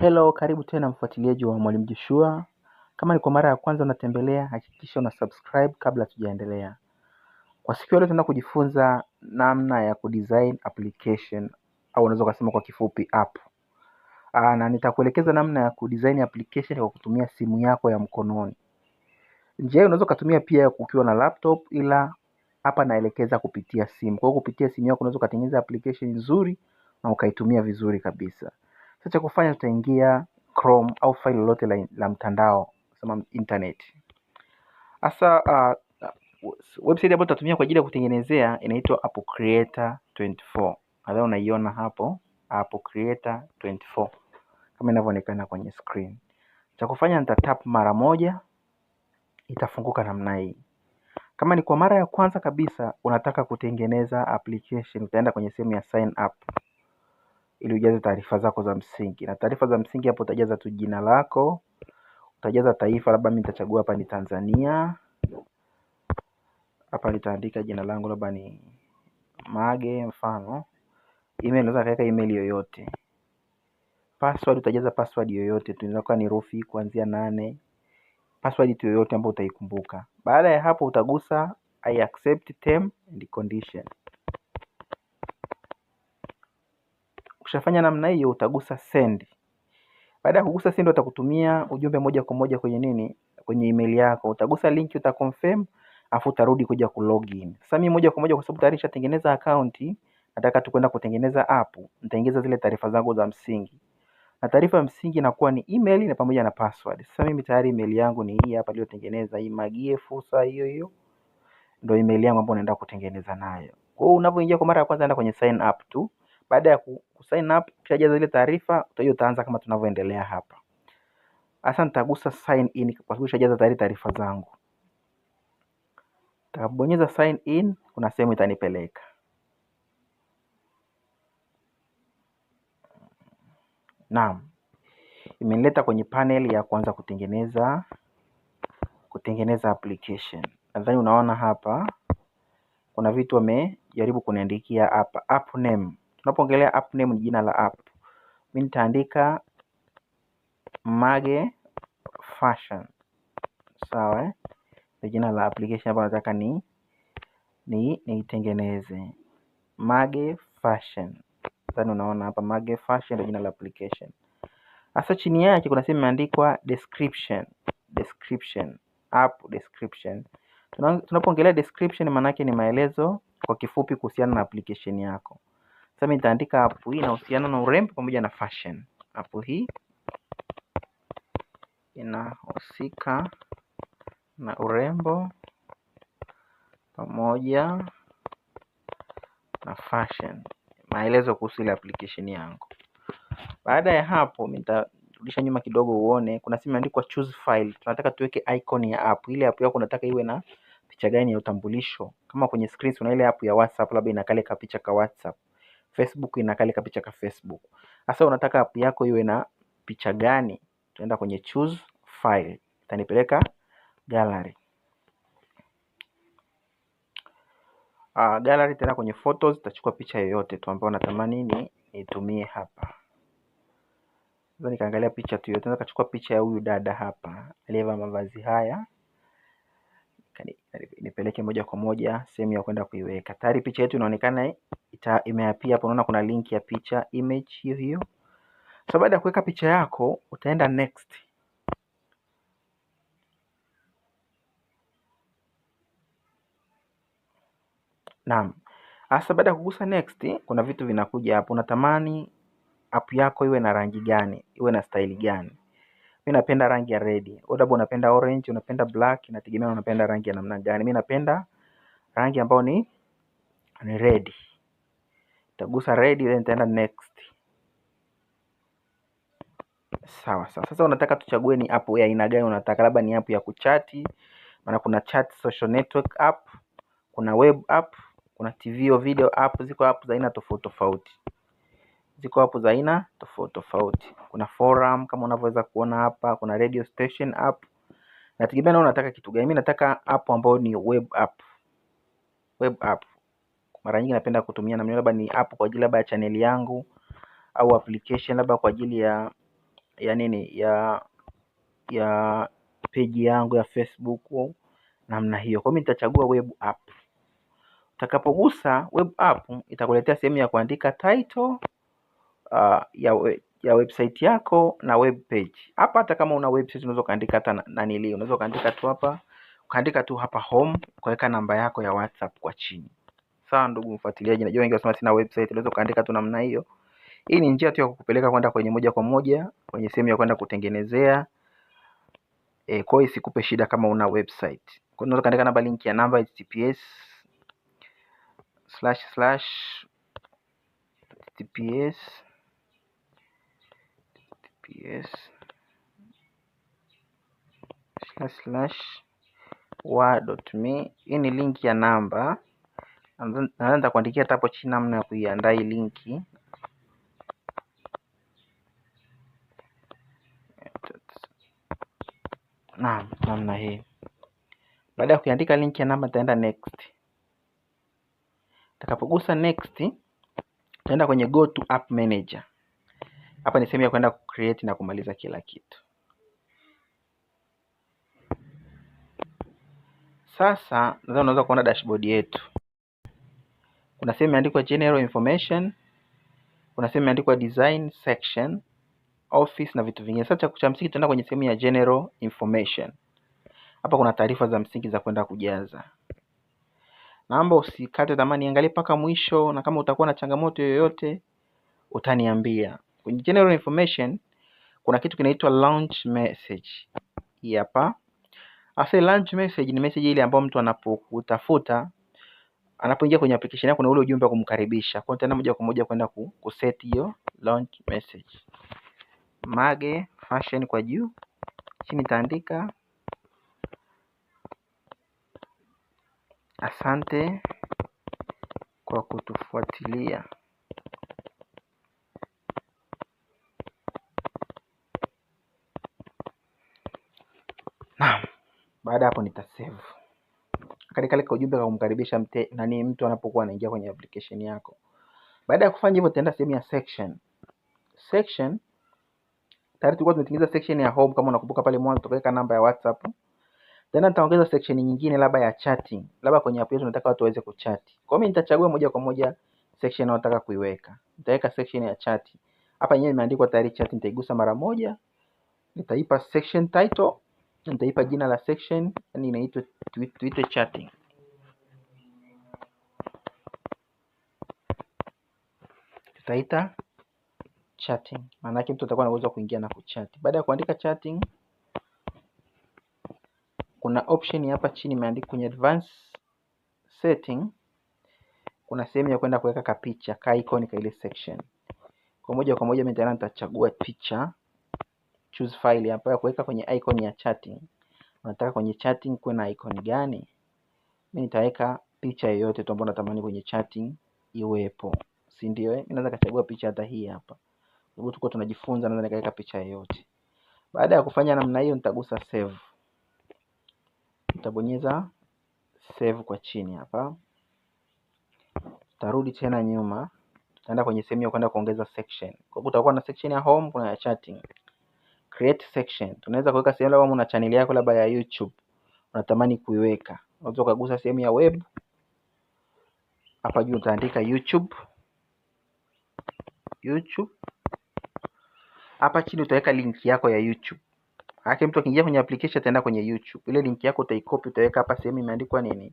Hello, karibu tena mfuatiliaji wa Mwalimu Joshua. Kama ni kwa mara ya kwanza unatembelea, hakikisha una subscribe kabla tujaendelea. Kwa siku leo tunataka kujifunza namna ya kudesign application au unaweza kusema kwa kifupi app. Aa, ah, na nitakuelekeza namna ya kudesign application kwa kutumia simu yako ya mkononi. Njia hii unaweza kutumia pia ukiwa na laptop, ila hapa naelekeza kupitia simu. Kwa hiyo kupitia simu yako unaweza kutengeneza application nzuri na ukaitumia vizuri kabisa. Sasa cha kufanya tutaingia Chrome au faili lolote la, la mtandao kama internet. Sasa uh, ah, website ambayo tutatumia kwa ajili ya kutengenezea inaitwa App Creator 24. Nadhani unaiona hapo App Creator 24 kama inavyoonekana kwenye screen. Cha kufanya nitatap mara moja, itafunguka namna hii. Kama ni kwa mara ya kwanza kabisa unataka kutengeneza application, utaenda kwenye sehemu ya sign up ili ujaze taarifa zako za msingi. Na taarifa za msingi hapo utajaza tu jina lako, utajaza taifa, labda mimi nitachagua hapa ni Tanzania. Hapa nitaandika jina langu labda ni Mage mfano. Email unaweza kaweka email yoyote. Password utajaza password yoyote tu, inaweza kuwa ni herufi kuanzia nane, password tu yoyote ambayo utaikumbuka. Baada ya hapo utagusa I accept term and condition. Ukishafanya namna hiyo utagusa send. Baada ya kugusa send, utakutumia ujumbe moja kwa moja kwenye nini, kwenye email yako. Utagusa link, uta confirm, afu utarudi kuja ku login. Sasa mimi moja kwa moja, kwa sababu tayari nishatengeneza account, nataka tu kwenda kutengeneza app. Nitaingiza zile taarifa zangu za msingi, na taarifa msingi inakuwa ni email na pamoja na password. Sasa mimi tayari email yangu ni hii hapa niliyotengeneza, hii magie fursa hiyo hiyo ndio email yangu ambayo naenda kutengeneza nayo. Kwa hiyo unapoingia kwa mara ya kwanza, enda kwenye sign up tu. Baada ya sign up. Ukishajaza ile taarifa hiyo utaanza kama tunavyoendelea hapa. Sasa nitagusa sign in kwa sababu ushajaza tayari taarifa zangu. Nitabonyeza sign in, kuna sehemu itanipeleka. Naam. Imenileta kwenye panel ya kuanza kutengeneza kutengeneza application. Nadhani unaona hapa kuna vitu wamejaribu kuniandikia hapa app name Tunapoongelea app name ni jina la app. Mimi nitaandika Mage Fashion, sawa eh? Ni jina la application ambayo nataka ni ni niitengeneze Mage Fashion. Sasa unaona hapa Mage Fashion ndio jina la application. Sasa chini yake kuna sehemu imeandikwa description, description, app description. Tunapoongelea description maana yake ni maelezo kwa kifupi kuhusiana na application yako. Sasa mimi nitaandika app hii inahusiana na urembo pamoja na fashion. App hii inahusika na urembo pamoja na fashion. Maelezo kuhusu ile application yangu. Baada ya hapo, nitarudisha nyuma kidogo uone kuna sehemu imeandikwa choose file. Tunataka tuweke icon ya app. Ile app yako unataka iwe na picha gani ya utambulisho? Kama kwenye screen una ile app ya WhatsApp labda ina kale kapicha ka WhatsApp. Facebook ina kale kapicha ka Facebook. Sasa unataka app yako iwe na picha gani? Tunaenda kwenye choose file, itanipeleka gallery. Uh, gallery tena kwenye photos itachukua picha yoyote tu ambayo natamani ni nitumie hapa. Sasa nikaangalia picha tu yoyote, kuchukua picha ya huyu dada hapa aliyevaa mavazi haya nipeleke moja kwa moja sehemu ya kwenda kuiweka. Tayari picha yetu inaonekana imeapia hapo, unaona kuna link ya picha image hiyo hiyo. So baada ya kuweka picha yako utaenda next. Naam. Sasa baada ya kugusa next, kuna vitu vinakuja hapo. Unatamani app yako iwe na rangi gani? Iwe na staili gani? Mi napenda rangi ya red. Odabo unapenda orange, unapenda black, inategemea unapenda rangi ya namna gani. Mi napenda rangi ambayo ni ni red. Tagusa red then nitaenda next. Sawa sawa. Sasa unataka tuchague ni app ya aina gani unataka? Labda ni app ya kuchati, maana kuna chat social network app, kuna web app, kuna TV au video app, ziko app za aina tofauti tofauti ziko hapo za aina tofauti tofauti. Kuna forum kama unavyoweza kuona hapa, kuna radio station app. Nategemea na unataka kitu gani. Mimi nataka app ambayo ni web app. Web app. Mara nyingi napenda kutumia na labda ni app kwa ajili labda ya channel yangu au application labda kwa ajili ya ya nini ya ya page yangu ya Facebook namna hiyo. Kwa hiyo nitachagua web app. Utakapogusa web app itakuletea sehemu ya kuandika title uh, ya, we, ya website yako na web page. Hapa hata kama una website unaweza kaandika hata nanili, unaweza kaandika tu hapa ukaandika tu hapa home, ukaweka namba yako ya WhatsApp kwa chini. Sawa ndugu mfuatiliaji, najua wengi wasema sina website, unaweza kaandika tu namna hiyo. Hii ni njia tu ya kukupeleka kwenda kwenye moja kwa moja kwenye sehemu ya kwenda kutengenezea e, kwa hiyo isikupe shida kama una website. Kwa hiyo unaweza kaandika namba link ya namba https slash slash https yes slash slash me Hii ni linki ya namba, nadhani kuandikia hapo chini namna ya kuiandaa hii linki. Naam, namna hii. Baada ya kuiandika linki ya namba, nitaenda next. takapogusa next, taenda kwenye go to app manager. Hapa ni sehemu ya kwenda kucreate na kumaliza kila kitu. Sasa nadhani unaweza kuona dashboard yetu. Kuna sehemu imeandikwa general information, kuna sehemu imeandikwa design section, office na vitu vingine. Sasa cha msingi tutaenda kwenye sehemu ya general information. Hapa kuna taarifa za msingi za kwenda kujaza. Naomba usikate tamaa, niangalie mpaka mwisho, na kama utakuwa na changamoto yoyote utaniambia. Kwenye general information kuna kitu kinaitwa launch message. Hii hapa. hasa launch message ni message ile ambayo mtu anapokutafuta anapoingia kwenye application yako na ule ujumbe wa kumkaribisha. Kwa tena moja kwa moja kwenda ku, ku set hiyo launch message. Mage fashion kwa juu, chini taandika asante kwa kutufuatilia. Naam, baada hapo nitasave. Katika ile ujumbe wa kumkaribisha mte, nani mtu anapokuwa anaingia kwenye application yako. Baada ya kufanya hivyo utaenda sehemu ya section. Section tayari tulikuwa tumetengeneza section ya home kama unakumbuka pale mwanzo tukaweka namba ya WhatsApp. Tena nitaongeza section nyingine labda ya chatting. Labda kwenye app yetu nataka watu waweze kuchat. Kwa hiyo mimi nitachagua moja kwa moja section ninayotaka kuiweka. Nitaweka section ya chat. Hapa yenyewe imeandikwa tayari chat, nitaigusa mara moja. Nitaipa section title nitaipa jina la section yani inaitwa tuite chatting tutaita chatting maanake mtu atakuwa na kuingia na kuchati baada ya kuandika chatting kuna option hapa chini imeandika kwenye advanced setting kuna sehemu ya kwenda kuweka kapicha ka icon ka ile section kwa moja kwa moja mimi nitachagua picha choose file hapa ya kuweka kwenye icon ya chatting. Unataka kwenye chatting kuwe na icon gani? Mimi nitaweka picha yoyote tu ambayo natamani kwenye chatting iwepo, si ndio? Eh, naweza kachagua picha hata hii hapa, sababu tuko tunajifunza, naweza nikaweka picha yoyote. Baada ya kufanya namna hiyo, nitagusa save, nitabonyeza save kwa chini hapa, tarudi tena nyuma, tutaenda kwenye sehemu ya kwenda kuongeza section. Kwa sababu utakuwa na section ya home, kuna ya chatting create section. Unaweza kuweka sehemu labda una channel yako labda ya YouTube unatamani kuiweka. Unaweza ukagusa sehemu ya web. Hapa juu utaandika YouTube. YouTube. Hapa chini utaweka link yako ya YouTube. Haki mtu akiingia kwenye application ataenda kwenye YouTube. Ile link yako utaikopi utaweka hapa sehemu imeandikwa nini?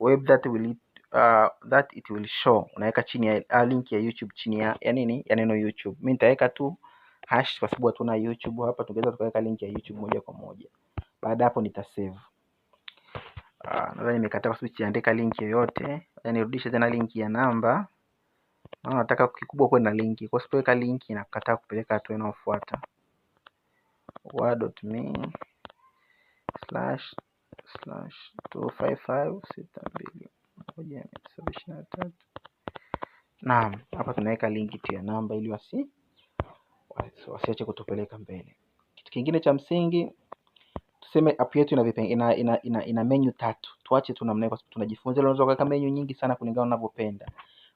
Web that will it, uh, that it will show. Unaweka chini ya uh, link ya YouTube chini ya, ya nini? Ya neno YouTube. Mimi nitaweka tu hash kwa sababu hatuna YouTube hapa, tungeweza tukaweka link ya YouTube moja kwa moja. Baada hapo nita save. Uh, nadhani nimekataa kwa sababu siandika link yoyote. Nirudishe tena link ya namba maana nataka kikubwa kuwe na link. kwa sababu sipoweka linki inakataa kupeleka hatua inayofuata. wa.me slash slash 255 255621 Naam, hapa tunaweka link tu ya namba ili wasi wasiache kutupeleka mbele. Kitu kingine cha msingi tuseme app yetu ina vipengele ina, ina, ina, ina menu tatu. Tuache tu namna kwa sababu tunajifunza. Unaweza kuweka menu nyingi sana kulingana unavyopenda.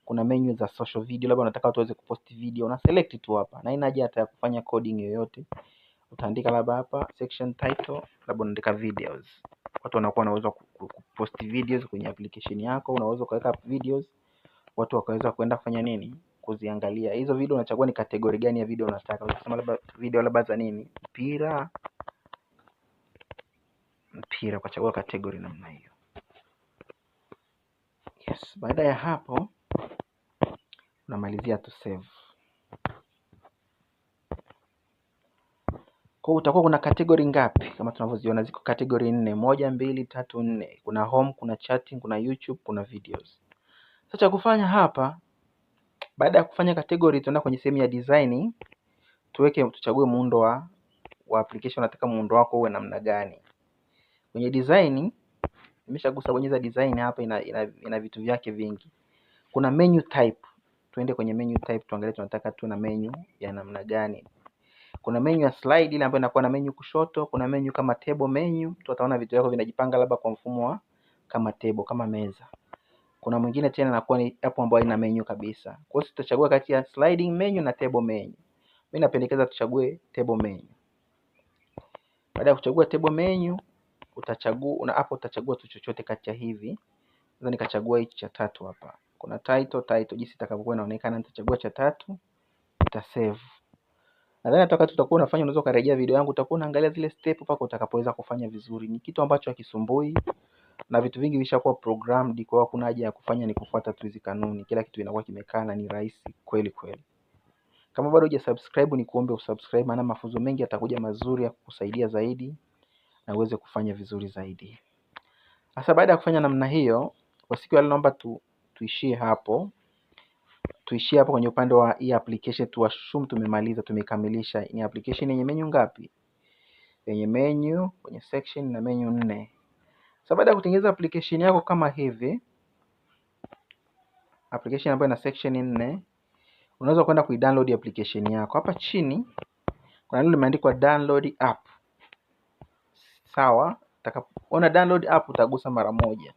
Kuna menu za social video, labda unataka watu waweze kupost video, una select tu hapa, na ina haja hata ya kufanya coding yoyote. Utaandika labda hapa section title, labda unaandika videos, watu wanakuwa wanaweza kupost videos kwenye application yako. Unaweza ukaweka videos, watu wakaweza kwenda kufanya nini kuziangalia hizo video. Unachagua ni kategori gani ya video unataka. unasema labda video labda za nini, mpira mpira, ukachagua kategori namna hiyo. Yes, baada ya hapo unamalizia tu save. Kwa utakuwa kuna kategori ngapi? Kama tunavyoziona ziko kategori nne: moja, mbili, tatu, nne. Kuna home, kuna chatting, kuna YouTube, kuna videos. Sasa cha kufanya hapa baada ya kufanya category tuenda kwenye sehemu ya design, tuweke tuchague muundo wa wa application Nataka muundo wako uwe namna gani. Kwenye design nimeshagusa bonyeza design hapa ina, ina, ina vitu vyake vingi. Kuna menu type. Tuende kwenye menu type tuangalie tunataka tu na menu ya namna gani. Kuna menu ya slide ile ambayo inakuwa na menu kushoto, kuna menu kama table menu, tutaona vitu vyako vinajipanga labda kwa mfumo wa kama table kama meza. Kuna mwingine tena inakuwa ni app ambayo ina menu kabisa. Kwa hiyo tutachagua kati ya sliding menu na table menu. Mimi napendekeza tuchague table menu. Baada ya kuchagua table menu, utachagua una hapo utachagua tu chochote kati ya hivi. Sasa nikachagua hichi cha tatu hapa. Kuna title, title jinsi itakavyokuwa inaonekana nitachagua cha tatu, nita save. Nadhani hata wakati utakuwa unafanya unaweza ukarejea video yangu, utakuwa unaangalia zile step mpaka utakapoweza kufanya vizuri. Ni kitu ambacho hakisumbui na vitu vingi vishakuwa programmed, kwa hiyo hakuna haja ya kufanya ni kufuata tu hizi kanuni, kila kitu inakuwa kimekaa na ni rahisi kweli kweli. Kama bado hujasubscribe, ni kuombe usubscribe, maana mafunzo mengi yatakuja mazuri ya kukusaidia zaidi na uweze kufanya vizuri zaidi. Sasa baada ya kufanya namna hiyo, kwa siku ya leo naomba tu, tuishie hapo tuishie hapo kwenye upande wa hii application, tu tuassume tumemaliza, tumekamilisha. Ni application yenye menu ngapi? Yenye menu kwenye section na menu nne. So baada ya kutengeneza application yako kama hivi, application ambayo ina section nne, unaweza kwenda kuidownload application yako. Hapa chini kuna neno limeandikwa download app. Sawa, utakapoona download app utagusa mara moja.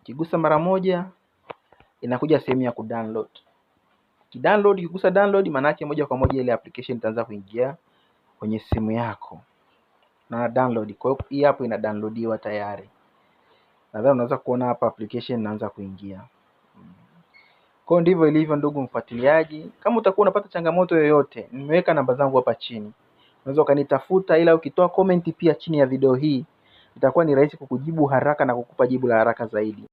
Ukigusa mara moja inakuja sehemu ya kudownload. Kidownload, ukigusa download, maana yake moja kwa moja ile application itaanza kuingia kwenye simu yako na download. Kwa hiyo hii hapo ina downloadiwa tayari. Nadhani unaweza kuona hapa application inaanza kuingia. Kwa ndivyo ilivyo, ndugu mfuatiliaji. Kama utakuwa unapata changamoto yoyote, nimeweka namba zangu hapa chini, unaweza ukanitafuta, ila ukitoa comment pia chini ya video hii itakuwa ni rahisi kukujibu haraka na kukupa jibu la haraka zaidi.